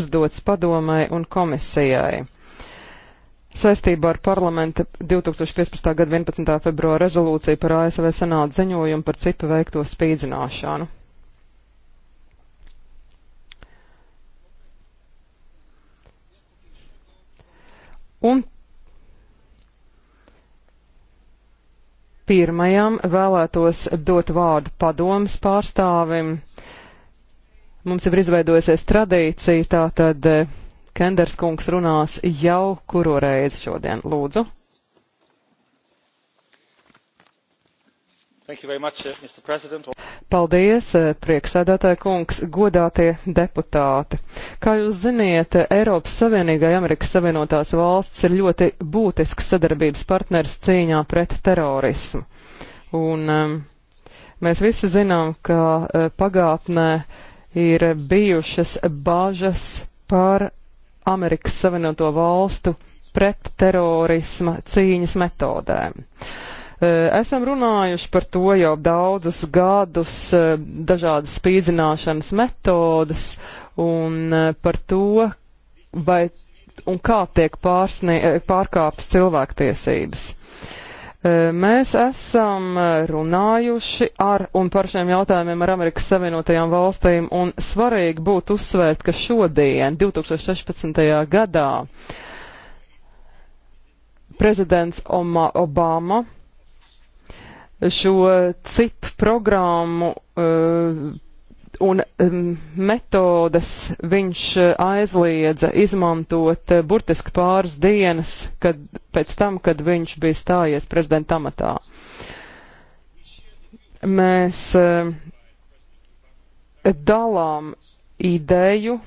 uzdots padomai un komisijai. Saistībā ar parlamenta 2015. gada 11. februāra rezolūciju par ASV senātu ziņojumu par cipa veikto spīdzināšanu. Un pirmajam vēlētos dot vārdu padomas pārstāvim. Mums ir izveidojusies tradīcija, tā tad eh, Kenders kungs runās jau kuro reizi šodien. Lūdzu. Much, uh, Paldies, eh, prieksēdētāja kungs, godātie deputāti. Kā jūs ziniet, Eiropas Savienībai Amerikas Savienotās valsts ir ļoti būtisks sadarbības partners cīņā pret terorismu. Un um, mēs visi zinām, ka uh, pagātnē uh, ir bijušas bažas par Amerikas Savienoto valstu pretterorisma cīņas metodēm. E, esam runājuši par to jau daudzus gadus, e, dažādas spīdzināšanas metodas un e, par to, vai un kā tiek pārsnie, pārkāptas cilvēktiesības. Uh, Mēs esam runājuši ar un par šiem jautājumiem ar Amerikas Savienotajām valstīm, un svarīgi būtu uzsvērt, ka šodien, 2016. gadā, prezidents Oma Obama šo CIP programmu uh, un um, metodas viņš uh, aizliedza izmantot uh, burtiski pāris dienas, kad, pēc tam, kad viņš bija stājies prezidenta amatā. Mēs uh, dalām ideju,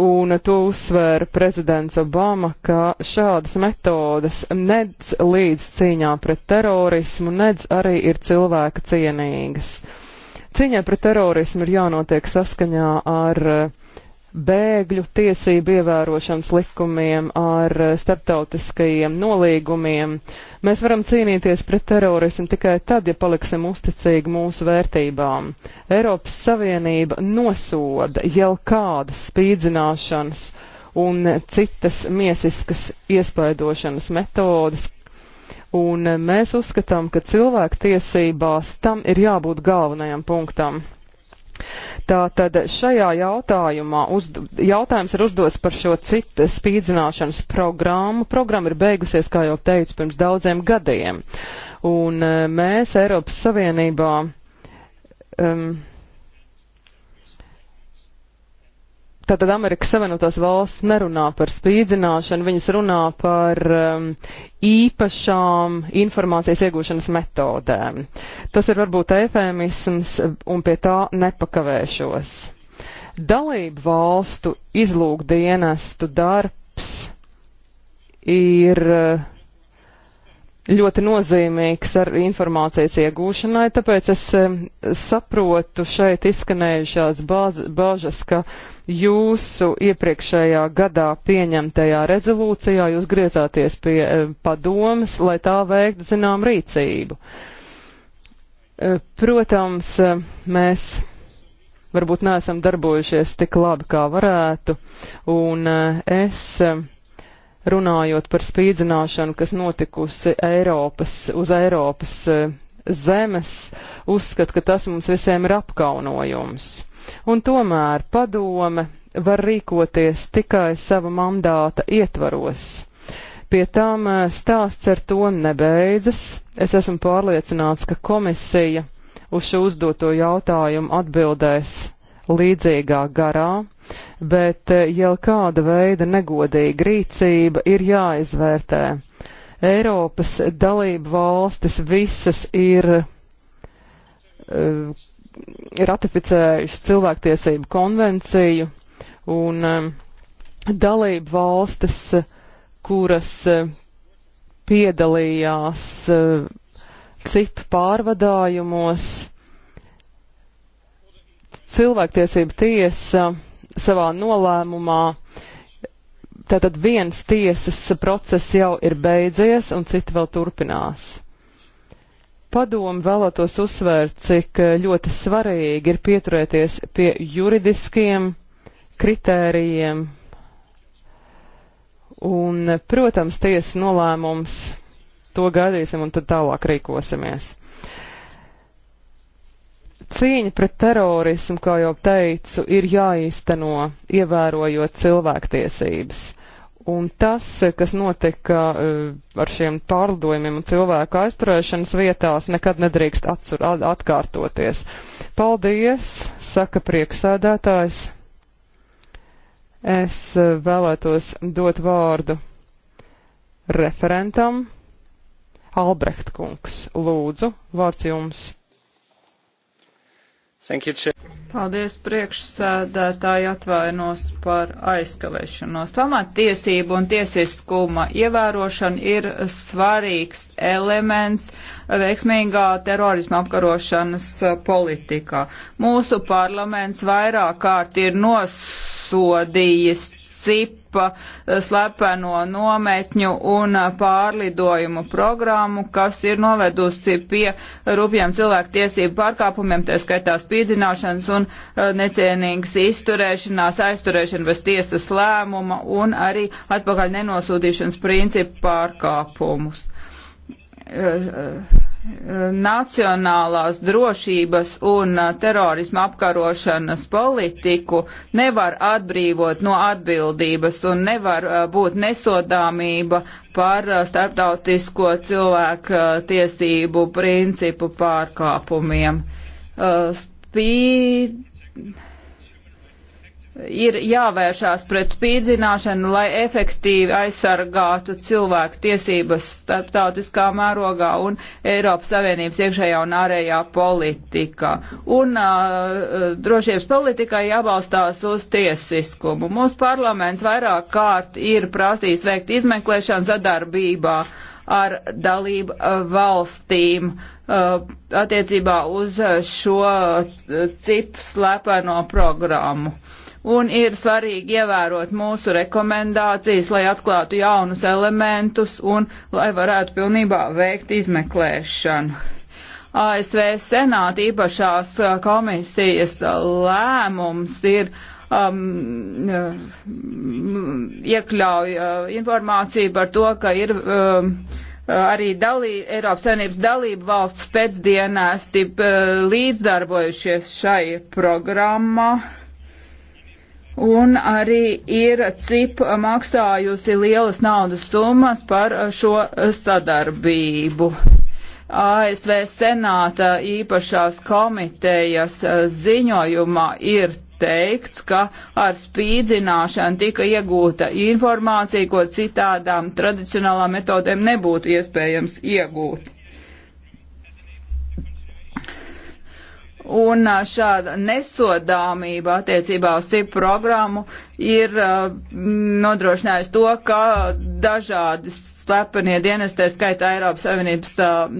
un to uzsvēra prezidents Obama, ka šādas metodas nedz līdz cīņā pret terorismu, nedz arī ir cilvēka cienīgas. Uh, Cīņai pret terorismu ir jānotiek saskaņā ar eh, bēgļu tiesību ievērošanas likumiem, ar eh, starptautiskajiem nolīgumiem. Mēs varam cīnīties pret terorismu tikai tad, ja paliksim uzticīgi mūsu vērtībām. Eiropas Savienība nosoda jau kādas spīdzināšanas un citas miesiskas iespaidošanas metodas, Un mēs uzskatām, ka cilvēku tiesībās tam ir jābūt galvenajam punktam. Tātad šajā jautājumā uzd, jautājums ir uzdots par šo citu spīdzināšanas programmu. Programma ir beigusies, kā jau teicu, pirms daudziem gadiem. Un eh, mēs Eiropas Savienībā um, Tātad Amerikas Savienotās valsts nerunā par spīdzināšanu, viņas runā par um, īpašām informācijas iegūšanas metodēm. Tas ir varbūt efēmisms un pie tā nepakavēšos. Dalību valstu izlūkdienestu darbs ir uh, ļoti nozīmīgs ar informācijas iegūšanai, tāpēc es saprotu šeit izskanējušās bāžas, ka jūsu iepriekšējā gadā pieņemtajā rezolūcijā jūs griezāties pie e, padomas, lai tā veiktu zinām rīcību. E, protams, e, mēs varbūt neesam darbojušies tik labi, kā varētu, un es runājot par spīdzināšanu, kas notikusi Eiropas, uz Eiropas e, zemes, uzskata, ka tas mums visiem ir apkaunojums. Un tomēr padome var rīkoties tikai sava mandāta ietvaros. Pie tam e, stāsts ar to nebeidzas. Es esmu pārliecināts, ka komisija uz šo uzdoto jautājumu atbildēs līdzīgā garā bet eh, jau kāda veida negodīga rīcība ir jāizvērtē. Eiropas dalību valstis visas ir uh, ratificējušas cilvēktiesību konvenciju un um, dalību valstis, kuras uh, piedalījās uh, cip pārvadājumos, cilvēktiesība tiesa uh, savā nolēmumā. Tātad viens tiesas process jau ir beidzies un citi vēl turpinās padomu vēlētos uzsvērt, cik eh, ļoti svarīgi ir pieturēties pie juridiskiem kritērijiem. Un, protams, tiesas nolēmums to gaidīsim un tad tālāk rīkosimies. Cīņa pret terorismu, kā jau teicu, ir jāīsteno ievērojot cilvēktiesības. Un tas, kas notika eh, ar šiem pārlidojumiem un cilvēku aizturēšanas vietās, nekad nedrīkst atsur, atkārtoties. Paldies, saka prieksēdētājs. Es eh, vēlētos dot vārdu referentam. Albrecht kungs, lūdzu, vārds jums. You, Paldies priekšsēdētāji atvainos par aizkavēšanos. Pamattiesību un tiesiskuma ievērošana ir svarīgs elements veiksmīgā terorisma apkarošanas politikā. Mūsu parlaments vairāk kārt ir nosodījis cipa eh, slepeno nometņu un eh, pārlidojumu programmu, kas ir novedusi pie rupjiem cilvēku tiesību pārkāpumiem, tā skaitā spīdzināšanas un eh, necienīgas izturēšanās, aizturēšana bez tiesas lēmuma un arī atpakaļ nenosūtīšanas principu pārkāpumus. Uh, uh nacionālās drošības un uh, terorisma apkarošanas politiku nevar atbrīvot no atbildības un nevar uh, būt nesodāmība par uh, starptautisko cilvēku tiesību principu pārkāpumiem. Spīd ir jāvēršās pret spīdzināšanu, lai efektīvi aizsargātu cilvēku tiesības starptautiskā mērogā un Eiropas Savienības iekšējā un ārējā politikā. Un uh, drošības politikai jābalstās uz tiesiskumu. Mūsu parlaments vairāk kārt ir prasījis veikt izmeklēšanu sadarbībā ar dalību valstīm uh, attiecībā uz šo cip slepeno programmu. Uh, un ir svarīgi ievērot mūsu rekomendācijas, lai atklātu jaunus elementus un lai varētu pilnībā veikt izmeklēšanu. ASV senāta īpašās uh, komisijas lēmums ir um, uh, iekļauj uh, informāciju par to, ka ir um, uh, arī dalī, Eiropas Savienības dalību valsts pēcdienēsti uh, līdzdarbojušies šai programmai un arī ir CIP maksājusi lielas naudas summas par šo sadarbību. ASV Senāta īpašās komitejas ziņojumā ir teikts, ka ar spīdzināšanu tika iegūta informācija, ko citādām tradicionālām metodēm nebūtu iespējams iegūt. Un šāda nesodāmība attiecībā uz CIP programmu ir nodrošinājusi to, ka dažādi slepenie dienesti, skaitā Eiropas Savienības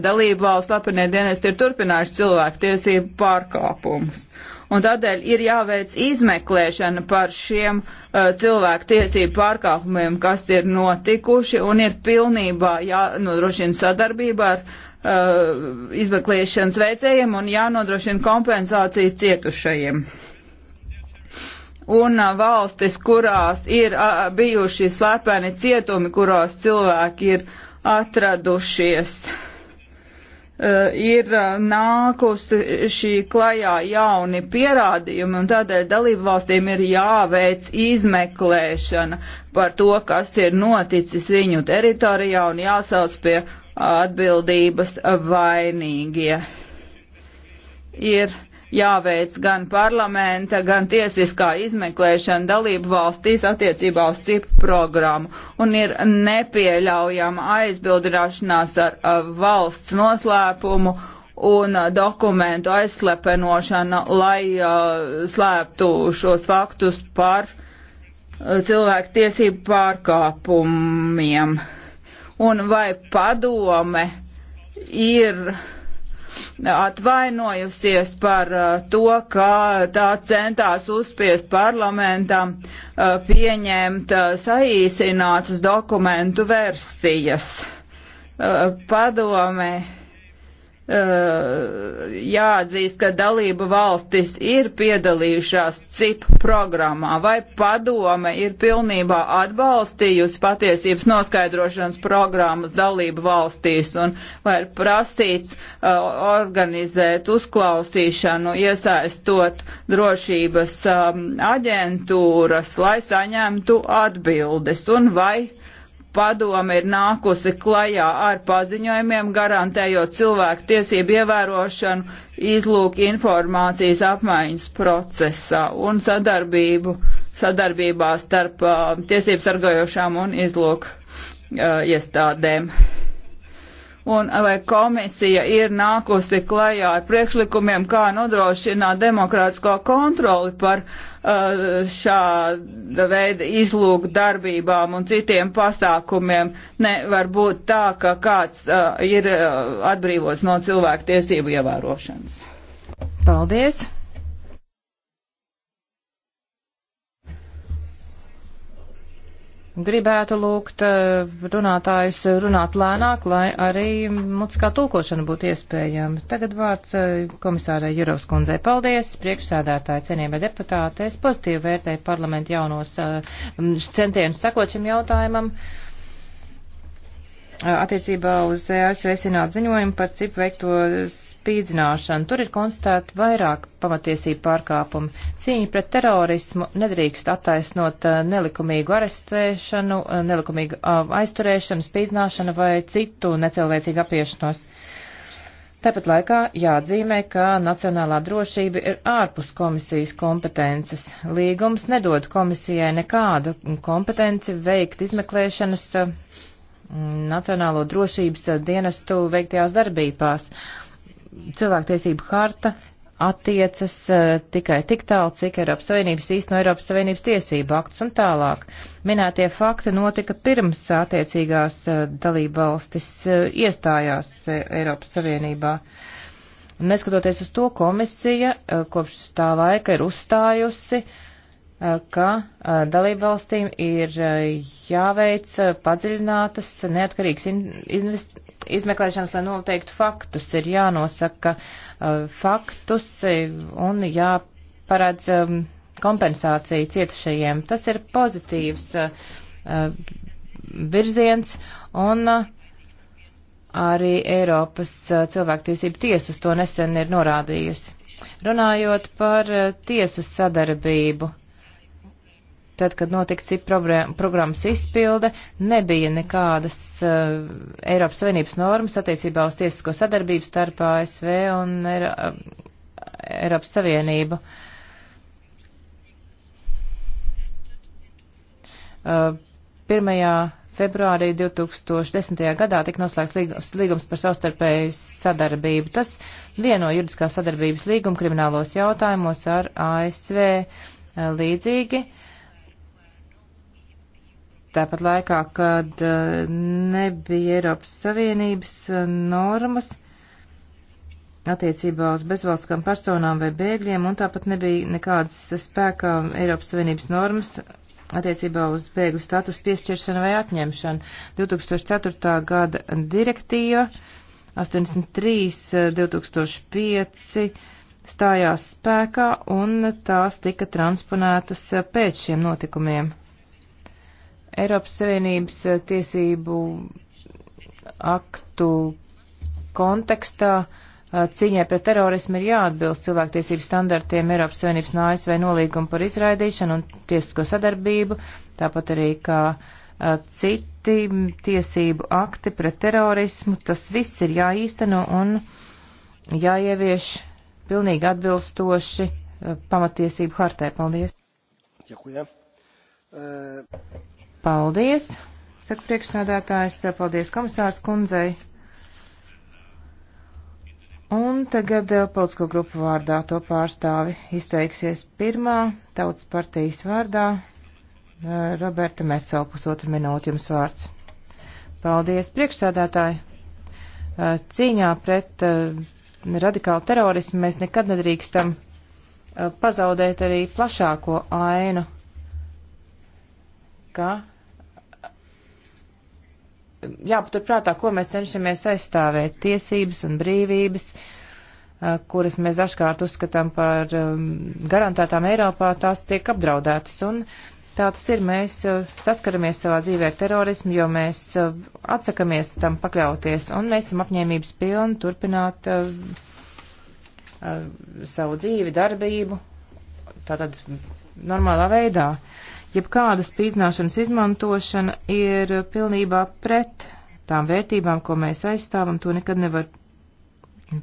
dalību valsts slepenie dienesti, ir turpinājuši cilvēku tiesību pārkāpumus. Un tādēļ ir jāveic izmeklēšana par šiem uh, cilvēku tiesību pārkāpumiem, kas ir notikuši, un ir pilnībā jānodrošina sadarbība ar uh, Uh, izmeklēšanas veicējiem un jānodrošina kompensācija cietušajiem. Un uh, valstis, kurās ir uh, bijuši slepeni cietumi, kurās cilvēki ir atradušies, ir nākusi šī klajā jauni pierādījumi, un tādēļ dalību valstīm ir jāveic izmeklēšana par to, kas ir noticis viņu teritorijā un jāsauc pie atbildības vainīgie. Ir jāveic gan parlamenta, gan tiesiskā izmeklēšana dalību valstīs attiecībā uz cipu programmu, un ir nepieļaujama aizbildināšanās ar, ar valsts noslēpumu un dokumentu aizslepenošana, lai uh, slēptu šos faktus par cilvēku tiesību pārkāpumiem un vai padome ir atvainojusies par uh, to, ka tā centās uzspiest parlamentam uh, pieņemt uh, saīsinātas dokumentu versijas. Padome Eh, jāatzīst, ka dalība valstis ir piedalījušās CIP programmā, vai padome ir pilnībā atbalstījusi patiesības noskaidrošanas programmas dalību valstīs, un vai ir prasīts uh, organizēt uzklausīšanu, iesaistot drošības um, aģentūras, lai saņemtu atbildes, un vai padome ir nākusi klajā ar paziņojumiem, garantējot cilvēku tiesību ievērošanu, izlūk informācijas apmaiņas procesā un sadarbību, sadarbībā starp uh, tiesību sargojošām un izlūk uh, iestādēm. Un uh, vai komisija ir nākusi klajā ar priekšlikumiem, kā nodrošināt demokrātisko kontroli par uh, Uh, šāda veida izlūk darbībām un citiem pasākumiem nevar būt tā, ka kāds uh, ir uh, atbrīvots no cilvēku tiesību ievērošanas. Paldies! Gribētu lūgt eh, runātājus runāt lēnāk, lai arī mutiskā tulkošana būtu iespējama. Tagad vārds eh, komisārai Jurovs kundzei. Paldies, priekšsēdētāji, cienījamie deputāti. Es pozitīvi vērtēju parlamentu jaunos eh, centienus sakot šim jautājumam attiecībā uz e ASV senāta ziņojumu par cipu veikto spīdzināšanu. Tur ir konstatēti vairāk pamatiesību pārkāpumi. Cīņa pret terorismu nedrīkst attaisnot eh, nelikumīgu arestēšanu, eh, nelikumīgu eh, aizturēšanu, spīdzināšanu vai citu necilvēcīgu apiešanos. Tāpat laikā jāatzīmē, ka nacionālā drošība ir ārpus komisijas kompetences. Līgums nedod komisijai nekādu kompetenci veikt izmeklēšanas uh, Nacionālo drošības dienestu veiktajās darbībās. Cilvēktiesību harta attiecas e, tikai tik tālu, cik Eiropas Savienības īsteno Eiropas Savienības tiesību aktus un tālāk. Minētie fakti notika pirms attiecīgās e, dalība valstis e, iestājās Eiropas Savienībā. Neskatoties uz to, komisija kopš tā laika ir uzstājusi uh, ka dalībvalstīm ir jāveic padziļinātas neatkarīgas izmeklēšanas, lai noteiktu faktus, ir jānosaka faktus e, un jāparedz kompensācija cietušajiem. Tas ir pozitīvs virziens un arī Eiropas cilvēktiesība tiesas to nesen ir norādījusi. Runājot par tiesu sadarbību, Tad, kad notika CIP programmas izpilde, nebija nekādas uh, Eiropas Savienības normas attiecībā uz tiesisko sadarbību starp ASV un Eiro, uh, Eiropas Savienību. Uh, eh, 1 februārī 2010. gadā tika noslēgts līgums, līgums par savstarpēju sadarbību. Tas vieno juridiskā sadarbības līgumu kriminālos jautājumos ar ASV līdzīgi. Tāpat laikā, kad eh, nebija Eiropas Savienības eh, normas attiecībā uz bezvalstiskām personām vai bēgļiem, un tāpat nebija nekādas spēkā Eiropas Savienības normas attiecībā uz bēgļu status piešķiršanu vai atņemšanu. 2004. gada direktīva 83 2005 eh, stājās spēkā, un tās tika transponētas pēc šiem notikumiem. Eiropas Savienības eh, tiesību aktu kontekstā eh, cīņai pret terorismu ir jāatbilst cilvēktiesību standartiem Eiropas Savienības un ASV nolīgumu par izraidīšanu un tiesisko sadarbību, tāpat arī kā eh, citi tiesību akti pret terorismu. Tas viss ir jāīsteno un jāievieš pilnīgi atbilstoši pamatiesību hartē. Paldies! Ďakujem. Ja, Paldies, saka priekšsādātājs, paldies komisārs kundzei. Un tagad eh, politisko grupu vārdā to pārstāvi izteiksies pirmā tautas partijas vārdā eh, Roberta Mecela pusotru minūtu jums vārds. Paldies, priekšsādātāji. Eh, Cīņā pret radikālu terorismu mēs nekad nedrīkstam pazaudēt arī plašāko ainu, ka jāpaturprātā, ko mēs cenšamies aizstāvēt - tiesības un brīvības, kuras mēs dažkārt uzskatām par garantētām Eiropā, tās tiek apdraudētas. Un tā tas ir, mēs saskaramies savā dzīvē ar terorismu, jo mēs atsakamies tam pakļauties, un mēs esam apņēmības pilni turpināt savu dzīvi, darbību, tātad normālā veidā. Uh, Jebkāda spīdzināšanas izmantošana ir pilnībā pret tām vērtībām, ko mēs aizstāvam, to nekad nevar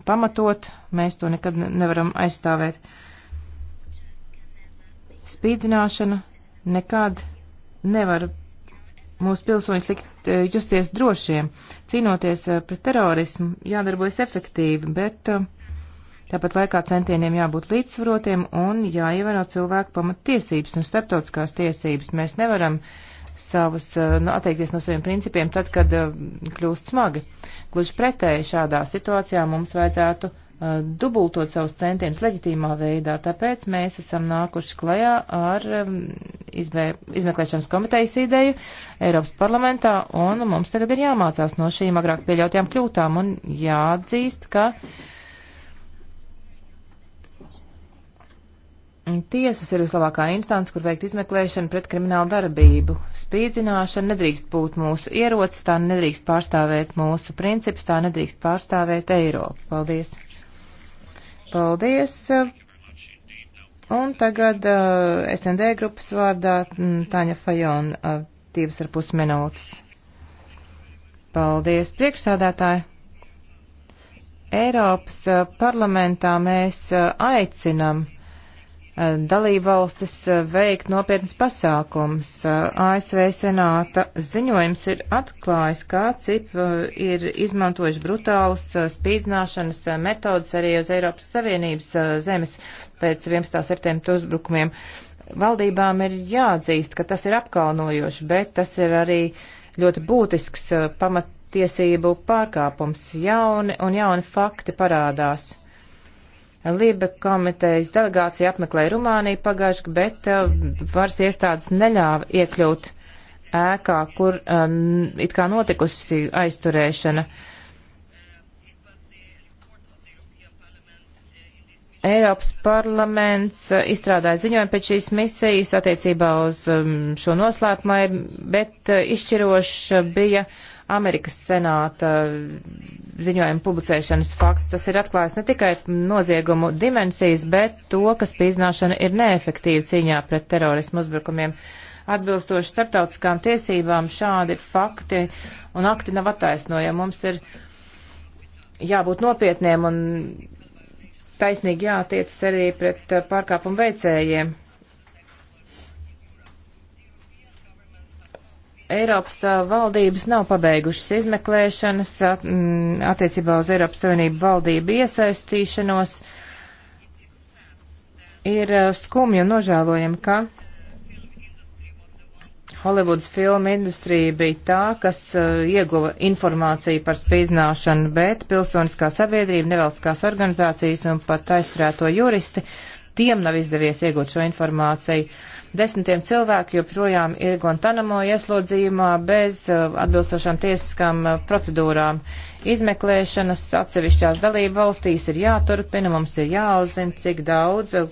pamatot, mēs to nekad nevaram aizstāvēt. Spīdzināšana nekad nevar mūsu pilsoņus likt eh, justies drošiem. Cīnoties eh, pret terorismu, jādarbojas efektīvi, bet uh, Tāpat laikā centieniem jābūt līdzsvarotiem un jāievēro cilvēku pamattiesības un starptautiskās tiesības. Mēs nevaram savus, eh, nu, atteikties no saviem principiem tad, kad uh, kļūst smagi. Gluži pretēji šādā situācijā mums vajadzētu uh, dubultot savus centienus leģitīmā veidā, tāpēc mēs esam nākuši klajā ar um, izvē, izmeklēšanas komitejas ideju Eiropas parlamentā, un mums tagad ir jāmācās no šīm agrāk pieļautajām kļūtām un jāatzīst, ka uh, Tiesas ir vislabākā instance, kur veikt izmeklēšanu pret kriminālu darbību. Spīdzināšana nedrīkst būt mūsu ierocis, tā nedrīkst pārstāvēt mūsu principus, tā nedrīkst pārstāvēt Eiropu. Paldies! Paldies! Un tagad uh, eh, SND grupas vārdā mm, Tāņa Fajona uh, eh, divas ar pus minūtes. Paldies, priekšsādātāji! Eiropas eh, parlamentā mēs aicinam dalībvalstis eh, veikt nopietnas pasākums. Eh, ASV senāta ziņojums ir atklājis, kā CIP eh, ir izmantojuši brutālas spīdzināšanas metodas arī uz Eiropas Savienības zemes pēc 11. septembra uzbrukumiem. Valdībām ir jāatzīst, ka tas ir apkalnojoši, bet tas ir arī ļoti būtisks pamattiesību pārkāpums. Jauni un jauni fakti parādās Liba komitejas delegācija apmeklēja Rumāniju pagājuši, bet eh, varas iestādes neļāva iekļūt ēkā, kur eh, it kā notikusi aizturēšana. Eiropas parlaments eh, izstrādāja ziņojumu pēc šīs misijas attiecībā uz mm, šo noslēpumu, bet izšķiroša bija uh, Amerikas senāta eh, ziņojuma publicēšanas fakts. Tas ir atklājis ne tikai noziegumu dimensijas, bet to, ka spīdzināšana ir neefektīva cīņā pret terorismu uzbrukumiem. Atbilstoši starptautiskām tiesībām šādi fakti un akti nav attaisnojami. Mums ir jābūt nopietniem un taisnīgi jātiecas arī pret eh, pārkāpumu veicējiem. Eiropas valdības nav pabeigušas izmeklēšanas attiecībā uz Eiropas Savienību valdību iesaistīšanos. Ir skumji un nožēlojami, ka Hollywoods filmu industrija bija tā, kas ieguva informāciju par spīdzināšanu, bet pilsoniskā sabiedrība, nevalstiskās organizācijas un pat aizturēto juristi uh, tiem nav izdevies iegūt šo informāciju. Desmitiem cilvēku joprojām ir Guantanamo ieslodzījumā bez uh, atbilstošām tiesiskām uh, procedūrām. Izmeklēšanas atsevišķās dalība valstīs ir jāturpina, mums ir jāuzzina, cik daudz uh,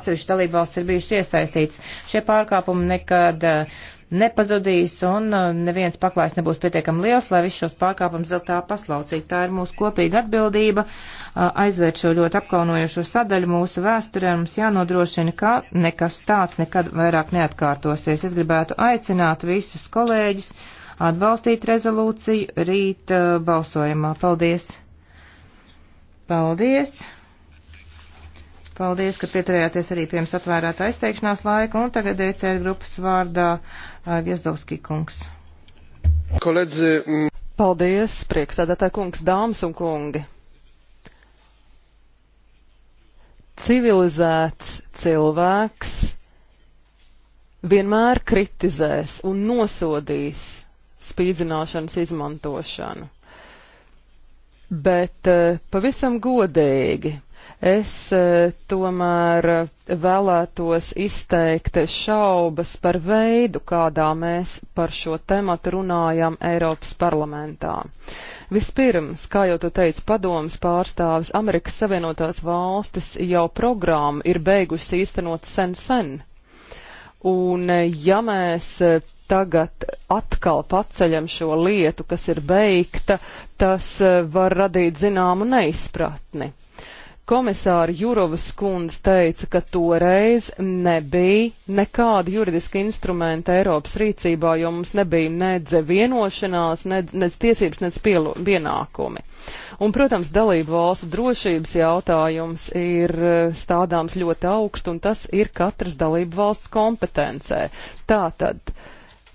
atsevišķas dalība valsts ir bijušas iesaistīts. Šie pārkāpumi nekad uh, nepazudīs un uh, neviens paklājs nebūs pietiekami liels, lai visus šos pārkāpumus vēl tā paslaucītu. Tā ir mūsu kopīga atbildība uh, aizvērt šo ļoti apkaunojošo sadaļu mūsu vēsturē. Mums jānodrošina, ka nekas tāds nekad vairāk neatkārtosies. Es gribētu aicināt visus kolēģus atbalstīt rezolūciju rīt uh, balsojumā. Paldies! Paldies! Paldies, ka pieturējāties arī pie jums atvērāta aizteikšanās laika, un tagad ECR grupas vārdā uh, Viesdovski kungs. Koledzi. Mm. Paldies, priekšsēdētāji kungs, dāmas un kungi. Civilizēts cilvēks vienmēr kritizēs un nosodīs spīdzināšanas izmantošanu. Bet uh, pavisam godīgi Es eh, tomēr eh, vēlētos izteikt šaubas par veidu, kādā mēs par šo tematu runājam Eiropas parlamentā. Vispirms, kā jau tu teici, padomas pārstāvis Amerikas Savienotās valstis jau programmu ir beigusi īstenot sen sen. Un eh, ja mēs tagad atkal paceļam šo lietu, kas ir beigta, tas var radīt zināmu neizpratni. Komisāra Jurovas kundze teica, ka toreiz nebija nekāda juridiska instrumenta Eiropas rīcībā, jo mums nebija nedz vienošanās, nedz, nedz tiesības, nedz pielu, pienākumi. Un, protams, dalību valstu drošības jautājums ir e, stādāms ļoti augstu, un tas ir katras dalību valsts kompetencē. Tātad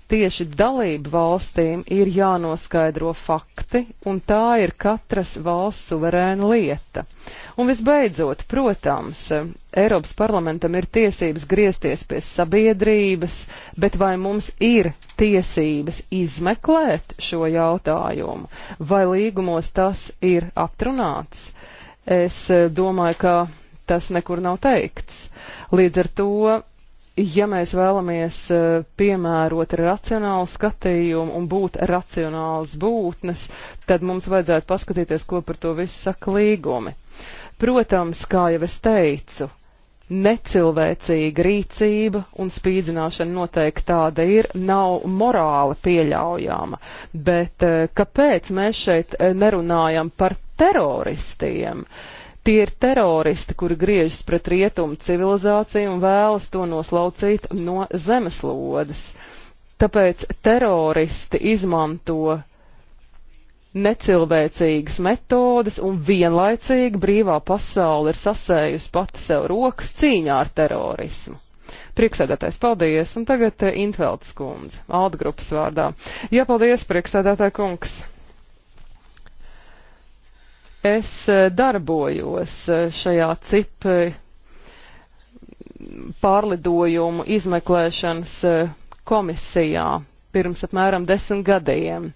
tieši dalību valstīm ir jānoskaidro fakti, un tā ir katras valsts suverēna lieta. Un visbeidzot, protams, Eiropas parlamentam ir tiesības griezties pie sabiedrības, bet vai mums ir tiesības izmeklēt šo jautājumu, vai līgumos tas ir aptrunāts? Es eh, domāju, ka tas nekur nav teikts. Līdz ar to ja mēs vēlamies eh, piemērot racionālu skatījumu un būt racionāls būtnes, tad mums vajadzētu paskatīties, ko par to visu saka līgumi. Protams, kā jau es teicu, necilvēcīga rīcība un spīdzināšana noteikti tāda ir, nav morāli pieļaujama, bet eh, kāpēc mēs šeit eh, nerunājam par teroristiem? Uh, Tie ir teroristi, kuri griežas pret rietumu civilizāciju un vēlas to noslaucīt no zemeslodes. Tāpēc teroristi izmanto necilvēcīgas metodes un vienlaicīgi brīvā pasaule ir sasējusi pati sev rokas cīņā ar terorismu. Prieksēdētājs, paldies, un tagad eh, Intveltas kundze, Alda grupas vārdā. Jā, paldies, prieksēdētāja kungs. Es eh, darbojos eh, šajā cip eh, pārlidojumu izmeklēšanas komisijā pirms apmēram desmit gadiem.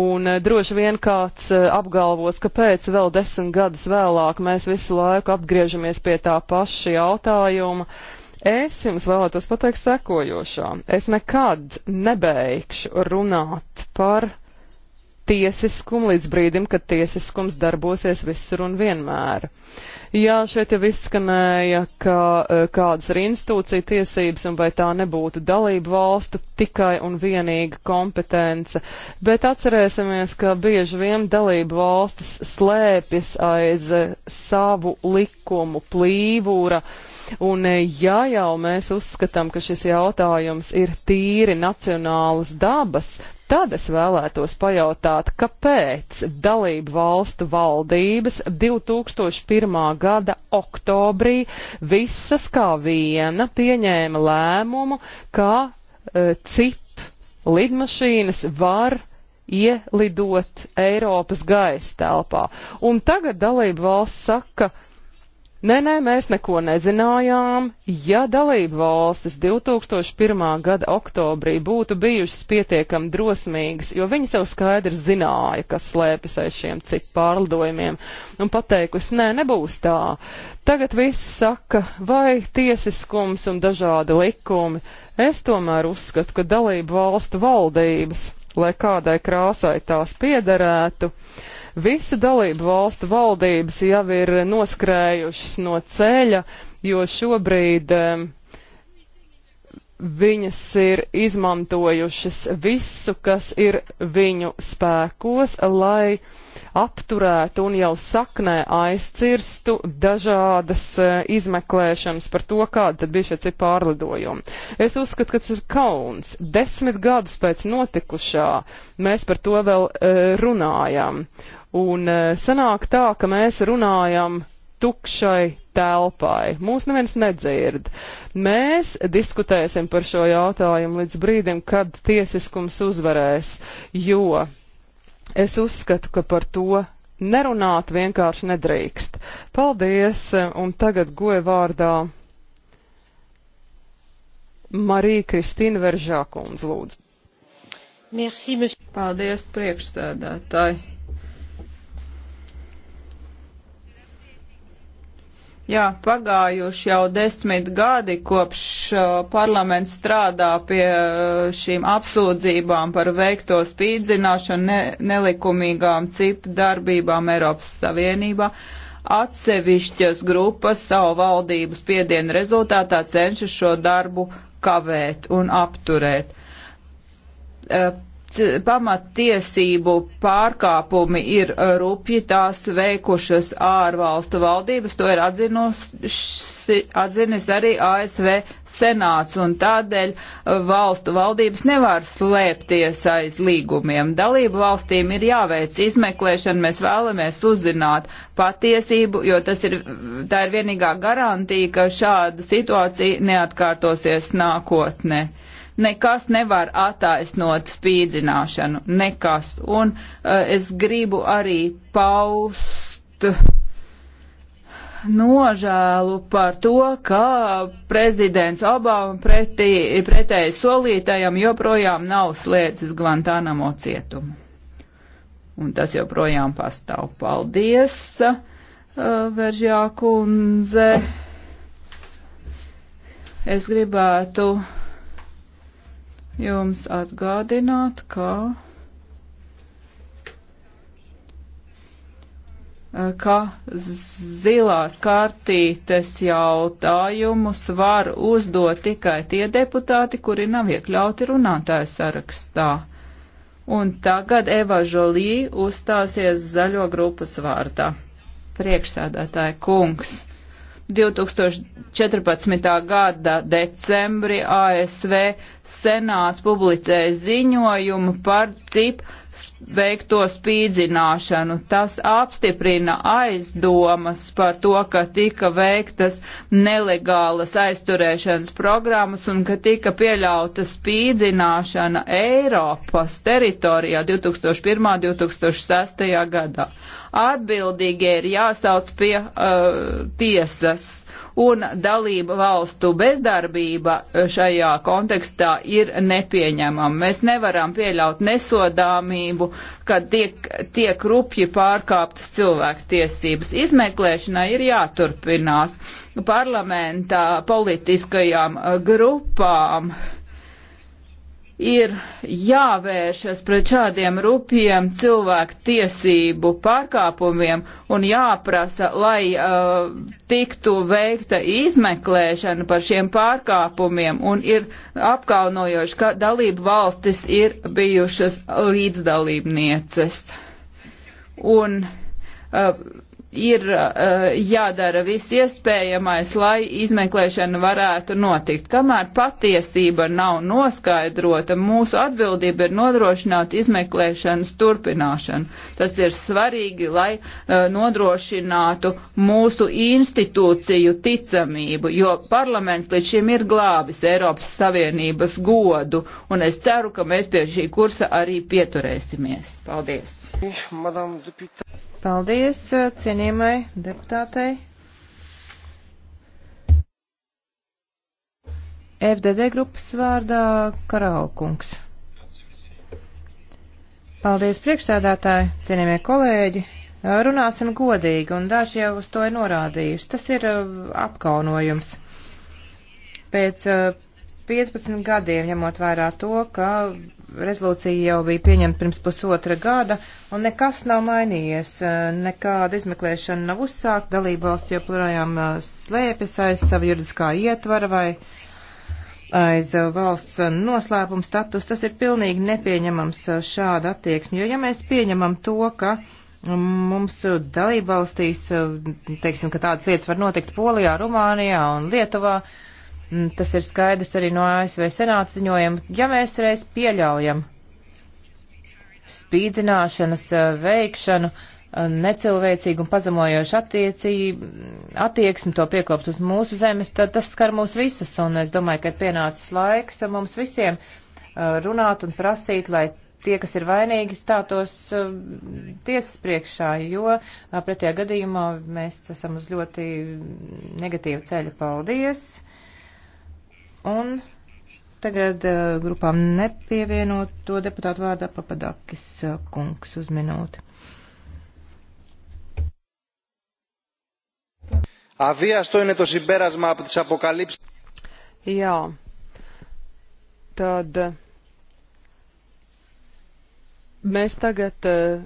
Un droši vien kāds apgalvos, kāpēc vēl desmit gadus vēlāk mēs visu laiku apgriežamies pie tā paša jautājuma. Es jums vēlētos pateikt sekojošā. Es nekad nebeigšu runāt par tiesiskumu līdz brīdim, kad tiesiskums darbosies visur un vienmēr. Jā, šeit jau izskanēja, ka e, kādas ir institūcija tiesības un vai tā nebūtu dalību valstu tikai un vienīga kompetence, bet atcerēsimies, ka bieži vien dalību valstis slēpjas aiz savu likumu plīvūra. Uh, Un e, ja jau mēs uzskatām, ka šis jautājums ir tīri nacionālas dabas, Tad es vēlētos pajautāt, kāpēc dalību valstu valdības 2001. gada oktobrī visas kā viena pieņēma lēmumu, ka uh, cip lidmašīnas var ielidot Eiropas gaisa telpā. Un tagad dalību valsts saka, ka Nē, nē, mēs neko nezinājām. Ja dalību valstis 2001. gada oktobrī būtu bijušas pietiekami drosmīgas, jo viņi jau skaidri zināja, kas slēpjas aiz šiem cipu pārlidojumiem, un pateikusi, nē, nebūs tā. Tagad viss saka, vai tiesiskums un dažādi likumi. Es tomēr uzskatu, ka dalību valstu valdības lai kādai krāsai tās piederētu. Visu dalību valstu valdības jau ir noskrējušas no ceļa, jo šobrīd viņas ir izmantojušas visu, kas ir viņu spēkos, lai apturētu un jau saknē aizcirstu dažādas e, izmeklēšanas par to, kāda tad bija šie cip pārlidojumi. Es uzskatu, ka tas ir kauns. Desmit gadus pēc notikušā mēs par to vēl e, runājam. Un e, sanāk tā, ka mēs runājam tukšai telpai. Mūs neviens nedzird. Mēs diskutēsim par šo jautājumu līdz brīdim, kad tiesiskums uzvarēs, jo es uzskatu, ka par to nerunāt vienkārši nedrīkst. Paldies, un tagad goja vārdā Marija Kristīna Veržākums lūdzu. Merci, monsieur. Paldies, priekšstādātāji. Jā, pagājuši jau desmit gadi, kopš uh, parlaments strādā pie uh, šīm apsūdzībām par veikto spīdzināšanu, ne, nelikumīgām cipu darbībām Eiropas Savienībā. Atsevišķas grupas savu valdības piedienu rezultātā cenšas šo darbu kavēt un apturēt. Uh, Eh, pamattiesību pārkāpumi ir rupji tās veikušas ārvalstu valdības, to ir atzinusi, atzinis arī ASV senāts, un tādēļ valstu valdības nevar slēpties aiz līgumiem. Dalību valstīm ir jāveic izmeklēšana, mēs vēlamies uzzināt patiesību, jo tas ir, tā ir vienīgā garantija, ka šāda situācija neatkārtosies nākotnē. Ne nekas nevar attaisnot spīdzināšanu, nekas. Un eh, es gribu arī paust nožēlu par to, ka prezidents Obama pretī, pretēji solītajam joprojām nav slēdzis Guantanamo cietumu. Un tas joprojām pastāv. Paldies, uh, Veržjā kundze. Es gribētu jums atgādināt, ka ka zilās kartītes jautājumus var uzdot tikai tie deputāti, kuri nav iekļauti runātāju sarakstā. Un tagad Eva Žolī uzstāsies zaļo grupas vārdā. Priekšsēdētāja kungs. 2014. gada decembrī ASV senāts publicēja ziņojumu par CIP veikto spīdzināšanu. Tas apstiprina aizdomas par to, ka tika veiktas nelegālas aizturēšanas programmas un ka tika pieļauta spīdzināšana Eiropas teritorijā 2001. un 2006. gadā atbildīgie ir jāsauc pie uh, tiesas. Un dalība valstu bezdarbība uh, šajā kontekstā ir nepieņemama. Mēs nevaram pieļaut nesodāmību, kad tiek, tiek rupji pārkāptas cilvēktiesības. Izmeklēšanai ir jāturpinās parlamentā politiskajām uh, grupām. Uh, ir jāvēršas pret šādiem rupjiem cilvēku tiesību pārkāpumiem un jāprasa, lai uh, tiktu veikta izmeklēšana par šiem pārkāpumiem un ir apkaunojoši, ka dalību valstis ir bijušas līdzdalībnieces. Un, uh, ir uh, jādara viss iespējamais, lai izmeklēšana varētu notikt. Kamēr patiesība nav noskaidrota, mūsu atbildība ir nodrošināt izmeklēšanas turpināšanu. Tas ir svarīgi, lai uh, nodrošinātu mūsu institūciju ticamību, jo parlaments līdz šim ir glābis Eiropas Savienības godu, un es ceru, ka mēs pie šī kursa arī pieturēsimies. Paldies! Madame, Paldies eh, cienījumai deputātei. FDD grupas vārdā Karaukungs. Paldies priekšsēdētāji, cienījamie kolēģi. Eh, runāsim godīgi, un daži jau uz to ir norādījuši. Tas ir eh, apkaunojums. Pēc 15 gadiem, ņemot vērā to, ka rezolūcija jau bija pieņemta pirms pusotra gada, un nekas nav mainījies, nekāda izmeklēšana nav uzsākta, dalībvalsts joprojām uh, slēpjas aiz savu juridiskā ietvara vai aiz uh, valsts uh, noslēpuma status. Tas ir pilnīgi nepieņemams šāda attieksme, jo ja mēs pieņemam to, ka Mums dalībvalstīs, teiksim, ka tādas lietas var notikt Polijā, Rumānijā un Lietuvā, uh, Mm, tas ir skaidrs arī no ASV senāta ziņojuma. Ja mēs reiz pieļaujam spīdzināšanas veikšanu, necilvēcīgu un pazemojošu attieksmi to piekopt uz mūsu zemes, tad tas skar mūs visus, un es domāju, ka ir pienācis laiks mums visiem runāt un prasīt, lai tie, kas ir vainīgi, stātos tiesas priekšā, jo pretējā gadījumā mēs esam uz ļoti negatīvu ceļu. Paldies! Un tagad uh, grupām nepievienoto deputātu vārdā papadakis uh, kungs uz minūti. Αβίαστο είναι το συμπέρασμα από τις αποκαλύψεις. Jā, tad mēs tagad uh,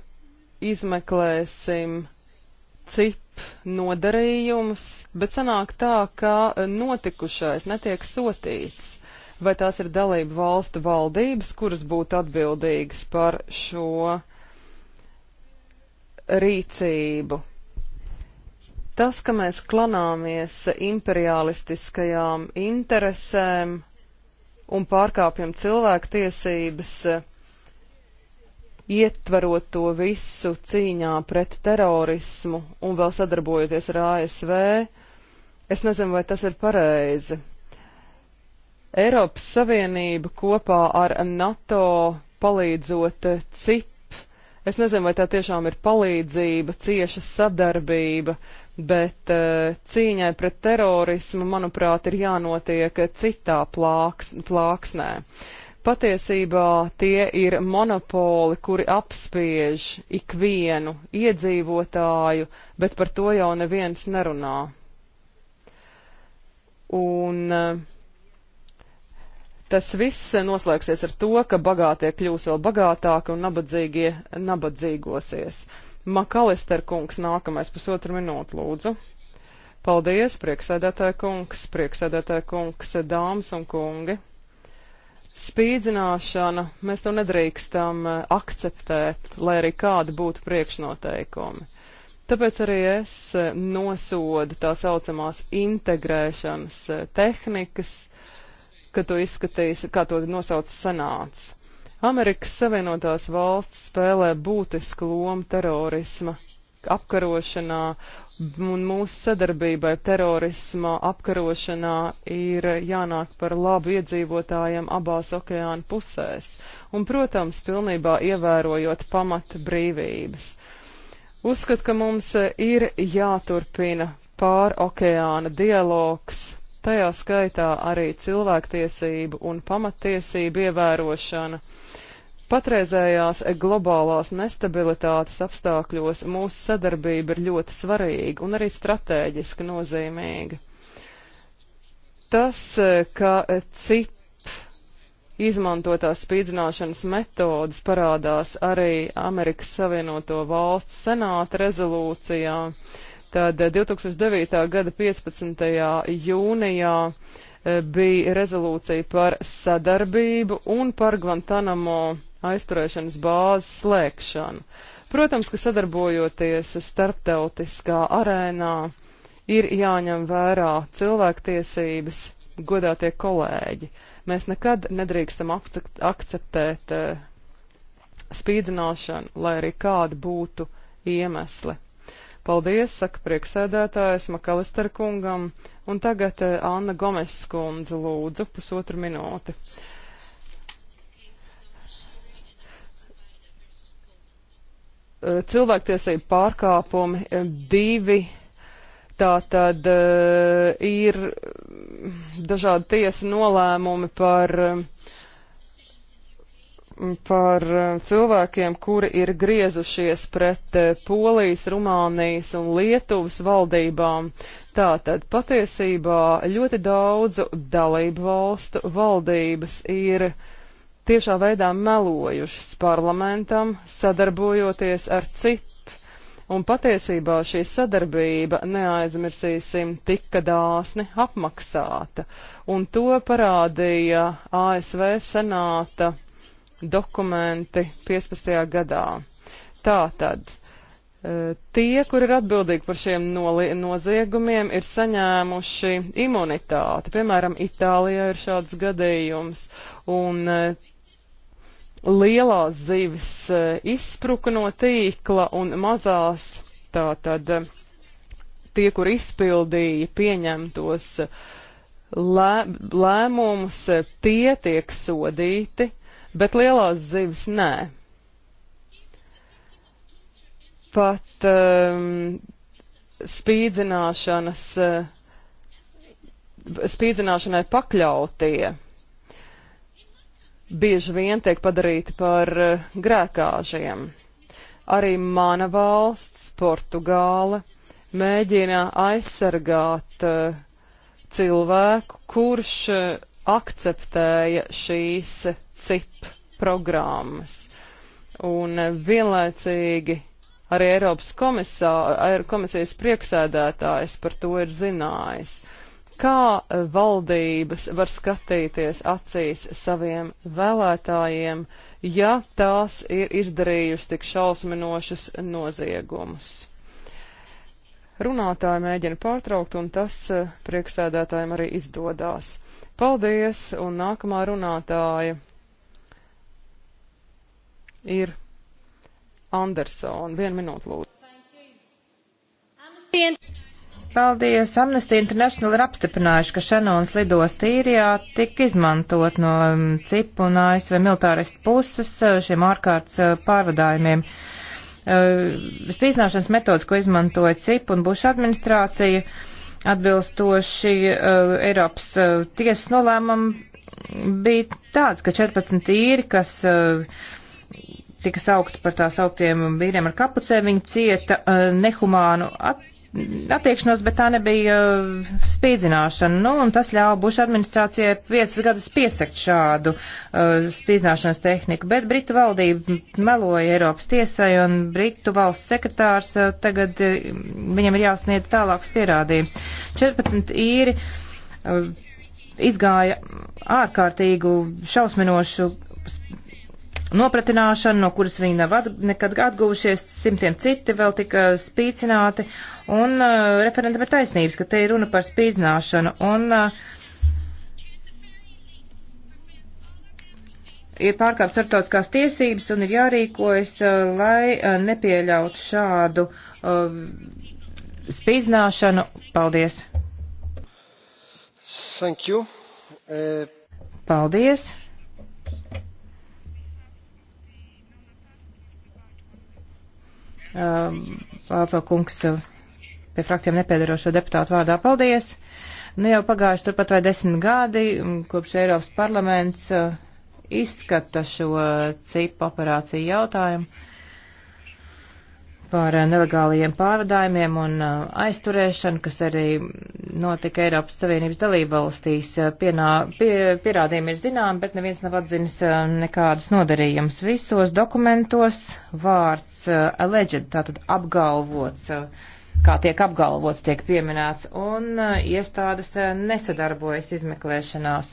izmeklēsim cipu nodarījumus, bet sanāk tā, ka notikušais netiek sotīts. Vai tās ir dalību valstu valdības, kuras būtu atbildīgas par šo rīcību? Tas, ka mēs klanāmies imperialistiskajām interesēm un pārkāpjam cilvēku tiesības, ietverot to visu cīņā pret terorismu un vēl sadarbojoties ar ASV, es nezinu, vai tas ir pareizi. Eiropas Savienība kopā ar NATO palīdzot CIP, es nezinu, vai tā tiešām ir palīdzība, cieša sadarbība, bet eh, cīņai pret terorismu, manuprāt, ir jānotiek citā plāks, plāksnē. Patiesībā tie ir monopoli, kuri apspiež ikvienu iedzīvotāju, bet par to jau neviens nerunā. Un eh, tas viss noslēgsies ar to, ka bagātie kļūs vēl bagātāki un nabadzīgie nabadzīgosies. Makalister kungs nākamais pusotru minūtu lūdzu. Paldies, prieksēdētāja kungs, prieksēdētāja kungs, dāmas un kungi spīdzināšana, mēs to nedrīkstam eh, akceptēt, lai arī kādi būtu priekšnoteikumi. Tāpēc arī es eh, nosodu tā saucamās integrēšanas eh, tehnikas, ka to izskatīs, kā to nosauc senāts. Amerikas Savienotās valsts spēlē būtisku lomu terorisma apkarošanā, un mūsu sadarbībai terorisma apkarošanā ir jānāk par labu iedzīvotājiem abās okeāna pusēs, un, protams, pilnībā ievērojot pamata brīvības. Uzskat, ka mums ir jāturpina pār okeāna dialogs, tajā skaitā arī cilvēktiesību un pamatiesību ievērošana Patreizējās globālās nestabilitātes apstākļos mūsu sadarbība ir ļoti svarīga un arī strateģiski nozīmīga. Tas, eh, ka CIP izmantotās spīdzināšanas metodas parādās arī Amerikas Savienoto Valstu senāta rezolūcijā, tad 2009. Eh, gada 15. jūnijā eh, bija rezolūcija par sadarbību un par Guantanamo aizturēšanas bāzes slēgšanu. Protams, ka sadarbojoties starptautiskā arēnā ir jāņem vērā cilvēktiesības, godātie kolēģi. Mēs nekad nedrīkstam akceptēt eh, spīdzināšanu, lai arī kāda būtu iemesli. Paldies, saka prieksēdētājs Makalister kungam, un tagad eh, Anna Gomes skundze lūdzu pusotru minūti. Eh, cilvēktiesību pārkāpumi eh, divi. Tā tad eh, ir dažādi tiesa nolēmumi par, par cilvēkiem, kuri ir griezušies pret Polijas, Rumānijas un Lietuvas valdībām. Tātad patiesībā ļoti daudzu dalību valstu valdības ir uh, tiešā veidā melojušas parlamentam, sadarbojoties ar CIP, un patiesībā šī sadarbība, neaizmirsīsim, tika dāsni apmaksāta, un to parādīja ASV senāta dokumenti 15. gadā. Tātad, eh, tie, kur ir atbildīgi par šiem noziegumiem, ir saņēmuši imunitāti. Piemēram, Itālijā ir šāds gadījums, un eh, lielās zivis eh, izspruka no tīkla un mazās tātad eh, tie, kur izpildīja pieņemtos eh, lē, lēmumus, tie tiek sodīti, bet lielās zivis nē. Pat um, spīdzināšanas, spīdzināšanai pakļautie bieži vien tiek padarīti par eh, grēkāžiem. Arī mana valsts, Portugāla, mēģina aizsargāt eh, cilvēku, kurš eh, akceptēja šīs cip programmas. Un vienlaicīgi arī Eiropas komisā, komisijas priekšsēdētājs par to ir zinājis kā eh, valdības var skatīties acīs saviem vēlētājiem, ja tās ir izdarījusi tik šausminošus noziegumus. Runātāji mēģina pārtraukt, un tas eh, priekšsēdētājiem arī izdodās. Paldies, un nākamā runātāja ir Andersona. Vienu minūtu lūdzu. Paldies! Amnesty International ir apstiprinājuši, ka Šenons lidost īrijā tika izmantot no um, CIP un ASV militāristu puses uh, šiem ārkārtas uh, pārvadājumiem. Uh, spīdzināšanas metodas, ko izmantoja CIP un Buša administrācija, atbilstoši Eiropas tiesas nolēmumam, bija tāds, ka 14 īri, kas tika saukti par tā sauktiem vīriem ar kapucēm, viņi cieta nehumānu at attiekšanos, bet tā nebija uh, spīdzināšana. Nu, un tas ļāva Buša administrācijai piecus gadus piesakt šādu uh, spīdzināšanas tehniku. Bet Britu valdība meloja Eiropas tiesai, un Britu valsts sekretārs uh, tagad uh, viņam ir jāsniedz tālāks pierādījums. 14 īri uh, izgāja ārkārtīgu šausminošu nopratināšanu, no kuras viņi nav at, nekad atguvušies, simtiem citi vēl tika spīcināti, Un uh, referentam ir taisnības, ka te ir runa par spīdzināšanu. Un, uh, ir pārkāpts starptautiskās tiesības un ir jārīkojas, uh, lai uh, nepieļautu šādu uh, spīdzināšanu. Paldies! Thank you. Uh... Paldies! Um, Valto kungs uh, pie frakcijām nepiedarošo deputātu vārdā. Paldies! Nu jau pagājuši turpat vai desmit gadi, kopš Eiropas parlaments uh, izskata šo cipu operāciju jautājumu par uh, nelegālajiem pārvadājumiem un uh, aizturēšanu, kas arī notika Eiropas Savienības dalībvalstīs. Pienā, pie, pierādījumi ir zinām, bet neviens nav atzinis nekādus nodarījumus. Visos dokumentos vārds alleged, tātad apgalvots kā tiek apgalvots, tiek pieminēts, un uh, iestādes uh, nesadarbojas izmeklēšanās.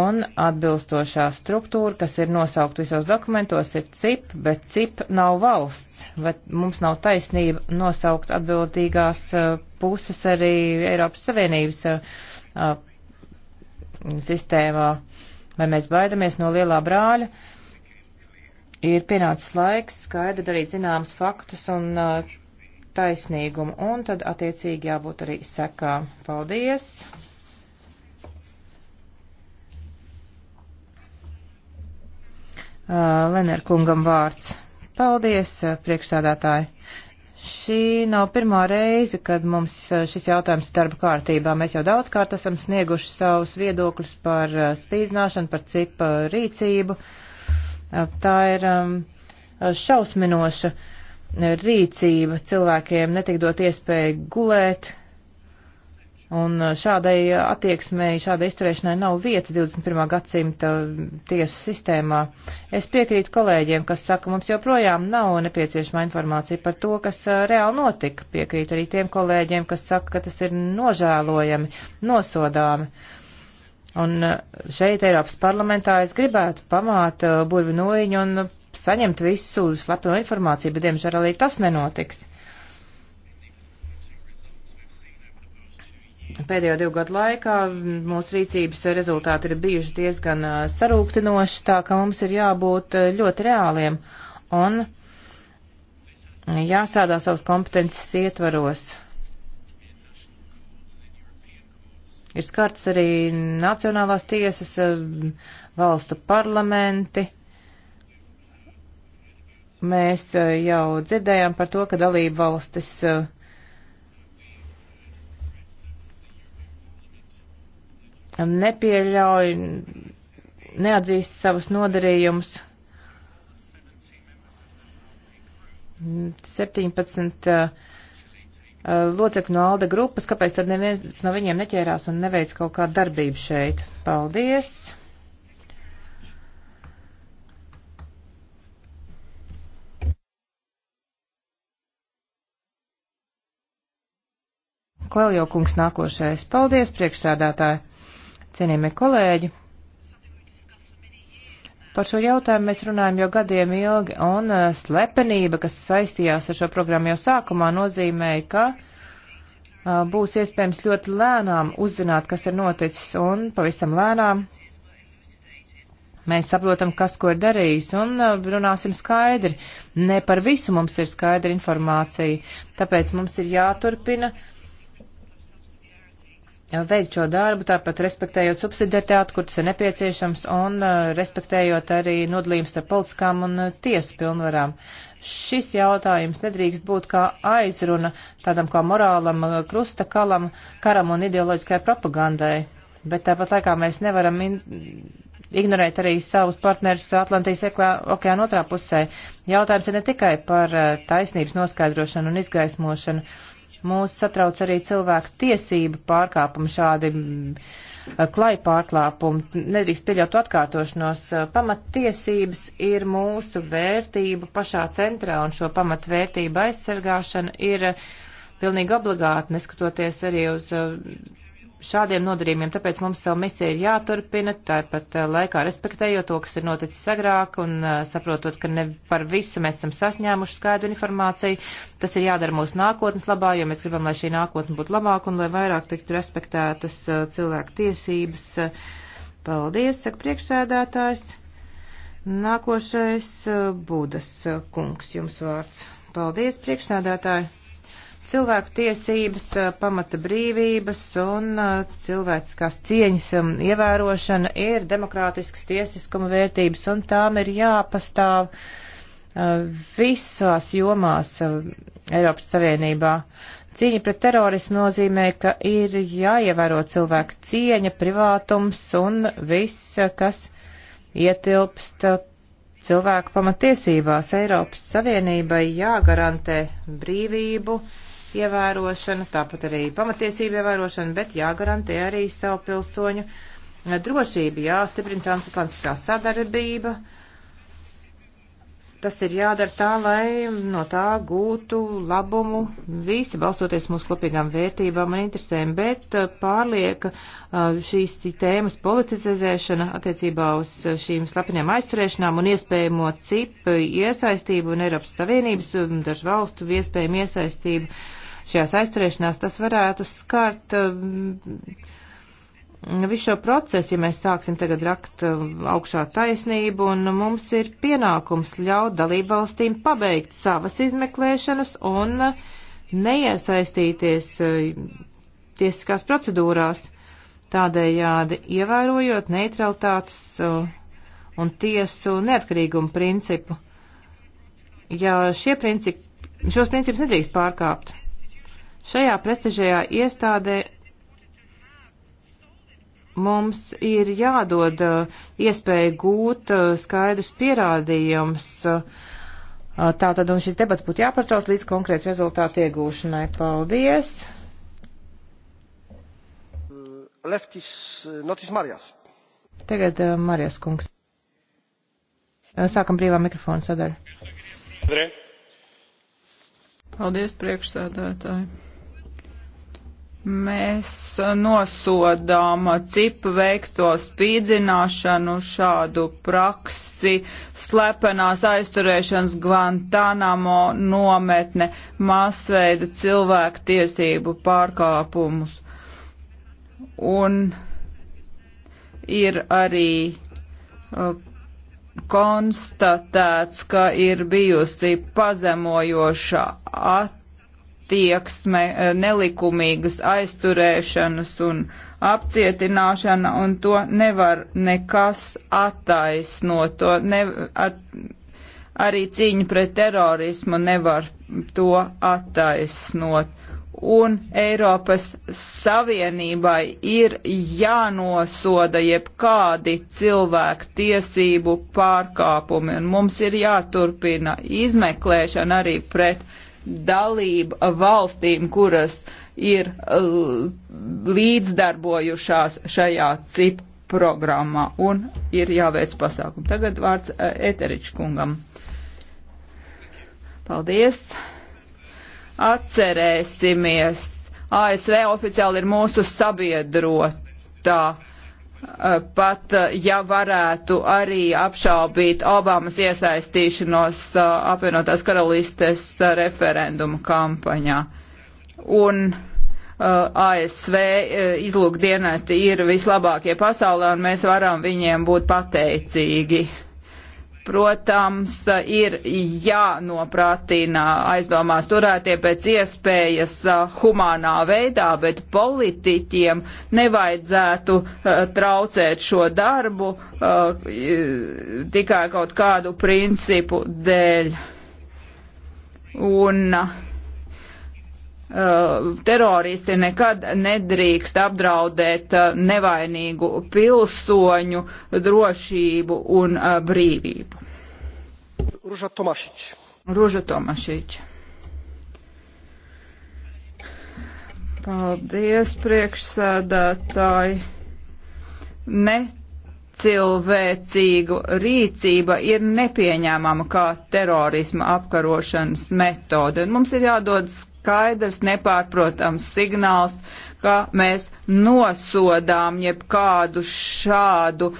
Un atbilstošā struktūra, kas ir nosaukt visos dokumentos, ir CIP, bet CIP nav valsts, bet mums nav taisnība nosaukt atbildīgās uh, puses arī Eiropas Savienības sistēmā, vai mēs baidamies no lielā brāļa. Ir pienācis laiks skaidri darīt zināmas faktus un uh, taisnīgumu, un tad attiecīgi jābūt arī sekām. Paldies! Uh, Lener kungam vārds. Paldies, uh, priekšsādātāji. Šī nav pirmā reize, kad mums uh, šis jautājums ir darba kārtībā. Mēs jau daudz kārt esam snieguši savus viedokļus par spīdzināšanu, par cipa rīcību. Tā ir um, šausminoša rīcība, cilvēkiem netiek dot iespēju gulēt, un šādai attieksmei, šādai izturēšanai nav vieta 21. gadsimta tiesu sistēmā. Es piekrītu kolēģiem, kas saka, mums joprojām nav nepieciešama informācija par to, kas reāli notika. Piekrītu arī tiem kolēģiem, kas saka, ka tas ir nožēlojami, nosodāmi. Un šeit Eiropas parlamentā es gribētu pamāt burvinojiņu un saņemt visu slepeno informāciju, bet diemžēl arī tas nenotiks. Pēdējo divu gadu laikā mūsu rīcības rezultāti ir bijuši diezgan sarūktinoši, tā ka mums ir jābūt ļoti reāliem un jāstrādā savas kompetences ietvaros. ir skarts arī nacionālās tiesas, valstu parlamenti. Mēs eh, jau dzirdējām par to, ka dalība valstis eh, nepieļauj, neatzīst savus nodarījumus. 17 eh, locekļu no Alda grupas, kāpēc tad neviens no viņiem neķērās un neveic kaut kādu darbību šeit? Paldies! Koeljo kungs nākošais. Paldies, priekšsēdētāji. Cienījamie kolēģi. Par šo jautājumu mēs runājam jau gadiem ilgi, un uh, slepenība, kas saistījās ar šo programmu jau sākumā, nozīmēja, ka uh, būs iespējams ļoti lēnām uzzināt, kas ir noticis, un pavisam lēnām mēs saprotam, kas ko ir darījis, un uh, runāsim skaidri. Ne par visu mums ir skaidra informācija, tāpēc mums ir jāturpina uh, veikt šo darbu, tāpat respektējot subsidiaritāti, kur tas ir nepieciešams, un respektējot arī nodalījums starp politiskām un tiesu pilnvarām. Šis jautājums nedrīkst būt kā aizruna tādam kā morālam krusta kalam, karam un ideoloģiskai propagandai, bet tāpat laikā mēs nevaram ignorēt arī savus partnerus Atlantijas okeāna otrā pusē. Jautājums ir ne tikai par taisnības noskaidrošanu un izgaismošanu Mūs satrauc arī cilvēku tiesību pārkāpumi šādi mm, klai pārklāpumi. Nedrīkst pieļaut atkārtošanos. Pamattiesības ir mūsu vērtību pašā centrā un šo pamatvērtību aizsargāšana ir pilnīgi obligāti, neskatoties arī uz šādiem nodarījumiem, tāpēc mums savu misiju ir jāturpina, tāpat eh, laikā respektējot to, kas ir noticis agrāk un eh, saprotot, ka ne par visu mēs esam sasņēmuši skaidru informāciju. Tas ir jādara mūsu nākotnes labā, jo mēs gribam, lai šī nākotne būtu labāka un lai vairāk tiktu respektētas eh, cilvēku tiesības. Paldies, saka priekšsēdētājs. Nākošais Būdas kungs jums vārds. Paldies, priekšsēdētāji cilvēku tiesības, eh, pamata brīvības un eh, cilvēciskās cieņas um, ievērošana ir demokrātiskas tiesiskuma vērtības, un tām ir jāpastāv eh, visās jomās Eiropas Savienībā. Cīņa pret terorismu nozīmē, ka ir jāievēro cilvēku cieņa, privātums un viss, kas ietilpst cilvēku pamatiesībās. Eiropas Savienībai jāgarantē brīvību, uh, ievērošana, tāpat arī pamatiesību ievērošana, bet jāgarantē arī savu pilsoņu drošību, jāstiprina transatlantiskā sadarbība. Uh, Tas ir jādara tā, lai no tā gūtu labumu visi, balstoties mūsu kopīgām vērtībām un interesēm, bet uh, pārlieka uh, šīs tēmas politizēšana attiecībā uz uh, šīm slepeniem aizturēšanām un iespējamo CIP iesaistību un Eiropas Savienības un um, dažu valstu iespējumu iesaistību šajās aizturēšanās, tas varētu skart um, visu šo procesu, ja mēs sāksim tagad rakt uh, augšā taisnību, un mums ir pienākums ļaut dalībvalstīm pabeigt savas izmeklēšanas un uh, neiesaistīties uh, tiesiskās procedūrās, tādējādi ievērojot neutralitātes un tiesu neatkarīgumu principu. Ja šie principi, šos principus nedrīkst pārkāpt, šajā prestižajā iestādē mums ir jādod uh, iespēja gūt uh, skaidrs pierādījums. Uh, tātad, un šis debats būtu jāpārtrauc līdz konkrētu rezultātu iegūšanai. Paldies! Leftis, notis Marijas. Tagad Marijas kungs. Sākam brīvā mikrofona sadaļu. Paldies, priekšsēdētāji. Mēs nosodām cipu veikto spīdzināšanu, šādu praksi, slepenās aizturēšanas Guantanamo nometne, masveida cilvēku tiesību pārkāpumus. Un ir arī uh, konstatēts, ka ir bijusi pazemojoša attīstība attieksme, eh, nelikumīgas aizturēšanas un apcietināšana, un to nevar nekas attaisnot. To ne, ar, arī cīņa pret terorismu nevar to attaisnot. Un Eiropas Savienībai ir jānosoda jebkādi cilvēku tiesību pārkāpumi, un mums ir jāturpina izmeklēšana arī pret terorismu dalību valstīm, kuras ir līdzdarbojušās šajā CIP programmā un ir jāveic pasākumi. Tagad vārds e, Eteriča kungam. Paldies! Atcerēsimies! ASV oficiāli ir mūsu sabiedrotā Eh, pat eh, ja varētu arī apšaubīt Obamas iesaistīšanos eh, apvienotās karalistes referenduma kampaņā. Un uh, ASV izlūkdienesti ir vislabākie pasaulē, un mēs varam viņiem būt pateicīgi. Protams, ir jānoprātina aizdomās turētie pēc iespējas humānā veidā, bet politiķiem nevajadzētu traucēt šo darbu tikai kaut kādu principu dēļ. Un teroristi nekad nedrīkst apdraudēt nevainīgu pilsoņu drošību un brīvību. Ruža Tomašić. Ruža Tomašić. Paldies, priekšsēdētāji. Ne cilvēcīgu rīcība ir nepieņēmama kā terorisma apkarošanas metode. Un mums ir jādod skaidrs, nepārprotams signāls, ka mēs nosodām jebkādu šādu uh,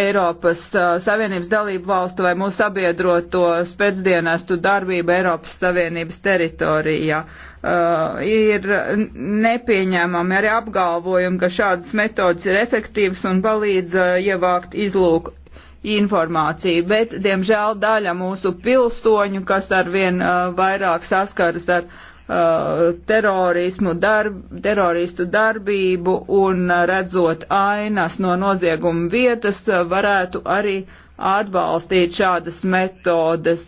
Eiropas uh, Savienības dalību valstu vai mūsu sabiedroto spēcdienestu darbību Eiropas Savienības teritorijā. Uh, ir nepieņēmami arī apgalvojumi, ka šādas metodas ir efektīvas un palīdz uh, ievākt izlūku informāciju, bet, diemžēl, daļa mūsu pilsoņu, kas arvien uh, vairāk saskaras ar uh, Uh, terorismu, darb, teroristu darbību un uh, redzot ainas no nozieguma vietas, uh, varētu arī atbalstīt šādas metodes.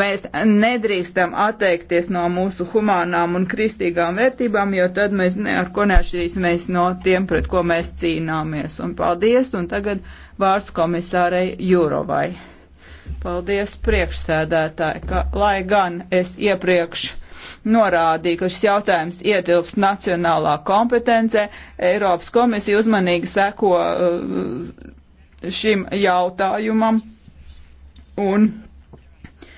Mēs nedrīkstam atteikties no mūsu humānām un kristīgām vērtībām, jo tad mēs ne, ar ko neatšķirīsimies no tiem, pret ko mēs cīnāmies. Un paldies, un tagad vārds komisārei Jurovai. Paldies priekšsēdētāji, ka, lai gan es iepriekš norādīja, ka šis jautājums ietilps nacionālā kompetencē. Eiropas komisija uzmanīgi seko uh, šim jautājumam un uh,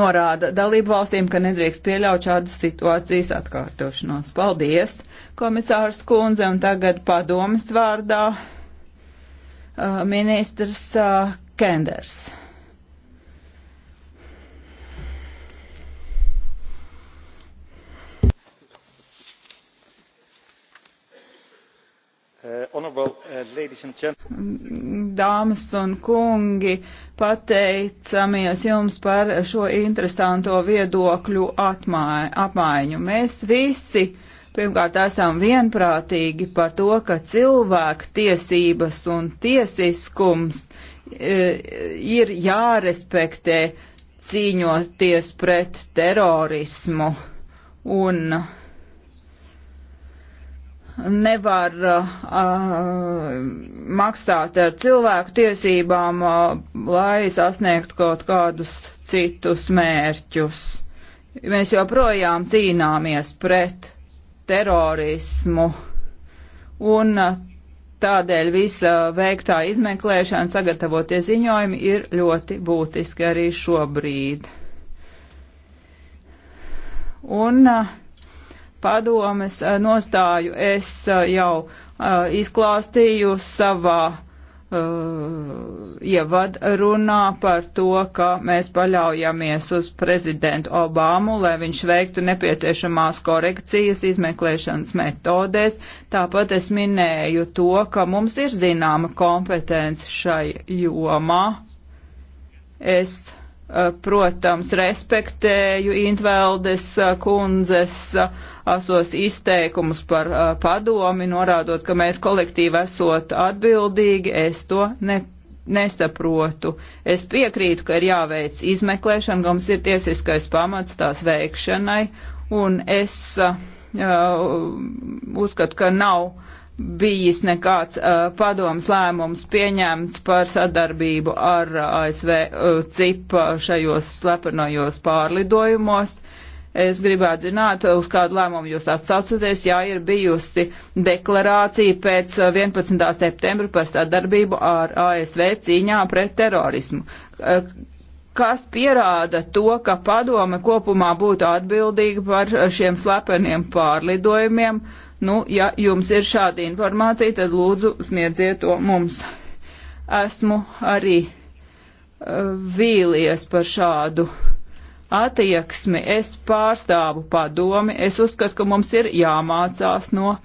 norāda dalību valstīm, ka nedrīkst pieļaut šādas situācijas atkārtošanos. Paldies, komisārs Kunze, un tagad padomas vārdā uh, ministrs Kenders. Uh, uh, mm, dāmas un kungi, pateicamies jums par šo interesanto viedokļu apmaiņu. Mēs visi pirmkārt esam vienprātīgi par to, ka cilvēku tiesības un tiesiskums uh, ir jārespektē cīņoties pret terorismu un uh, nevar uh, uh, maksāt ar cilvēku tiesībām, uh, lai sasniegtu kaut kādus citus mērķus. Mēs joprojām cīnāmies pret terorismu un uh, Tādēļ visa veiktā izmeklēšana, sagatavotie ziņojumi ir ļoti būtiski arī šobrīd. Un uh, padomes eh, nostāju es eh, jau eh, izklāstīju savā ievadrunā par to, ka mēs paļaujamies uz prezidentu Obamu, lai viņš veiktu nepieciešamās korekcijas izmeklēšanas metodēs. Tāpat es minēju to, ka mums ir zināma kompetence šai jomā. Es Eh, protams, respektēju Intveldes eh, kundzes asos eh, izteikumus par padomi, norādot, ka mēs kolektīvi esot atbildīgi, es to ne, nesaprotu. Es piekrītu, ka ir jāveic izmeklēšana, ka mums ir tiesiskais pamats tās veikšanai, un es uh, uzskatu, ka nav bijis nekāds uh, padoms lēmums pieņemts par sadarbību ar uh, ASV uh, CIP uh, šajos slepenojos pārlidojumos. Es gribētu zināt, uz kādu lēmumu jūs atsaucaties, ja ir bijusi deklarācija pēc 11. Uh, septembra par sadarbību ar ASV cīņā pret terorismu. Kas pierāda to, ka padome kopumā būtu atbildīga par šiem slepeniem pārlidojumiem? Uh, Nu, ja jums ir šāda informācija, tad lūdzu sniedziet to mums. Esmu arī uh, vīlies par šādu attieksmi. Es pārstāvu padomi. Es uzskatu, ka mums ir jāmācās no uh,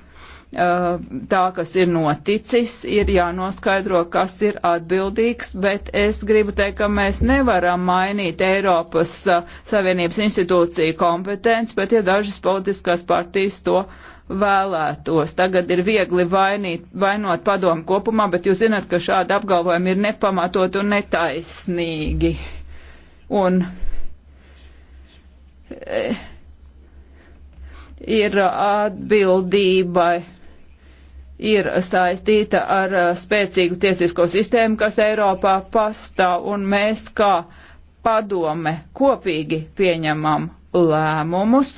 tā, kas ir noticis, ir jānoskaidro, kas ir atbildīgs, bet es gribu teikt, ka mēs nevaram mainīt Eiropas uh, Savienības institūciju kompetenci, bet ja dažas politiskās partijas to vēlētos. Tagad ir viegli vainīt, vainot padomu kopumā, bet jūs zināt, ka šādi apgalvojumi ir nepamatot un netaisnīgi. Un e, ir atbildībai ir saistīta ar e, spēcīgu tiesisko sistēmu, kas Eiropā pastāv, un mēs kā padome kopīgi pieņemam lēmumus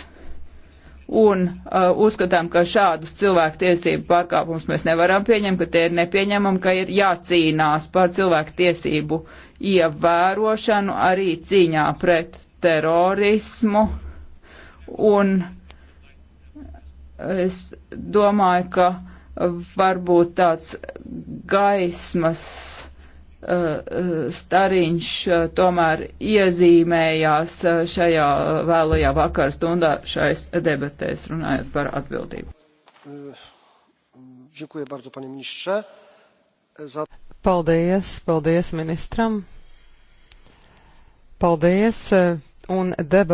un uh, uzskatām, ka šādus cilvēku tiesību pārkāpumus mēs nevaram pieņemt, ka tie ir nepieņemami, ka ir jācīnās par cilvēku tiesību ievērošanu arī cīņā pret terorismu. Un es domāju, ka varbūt tāds gaismas Stariņš eh, tomēr iezīmējās eh, šajā eh, vēlajā vakar stundā šais debatēs runājot par atbildību. Paldies, paldies ministram. Paldies un debat.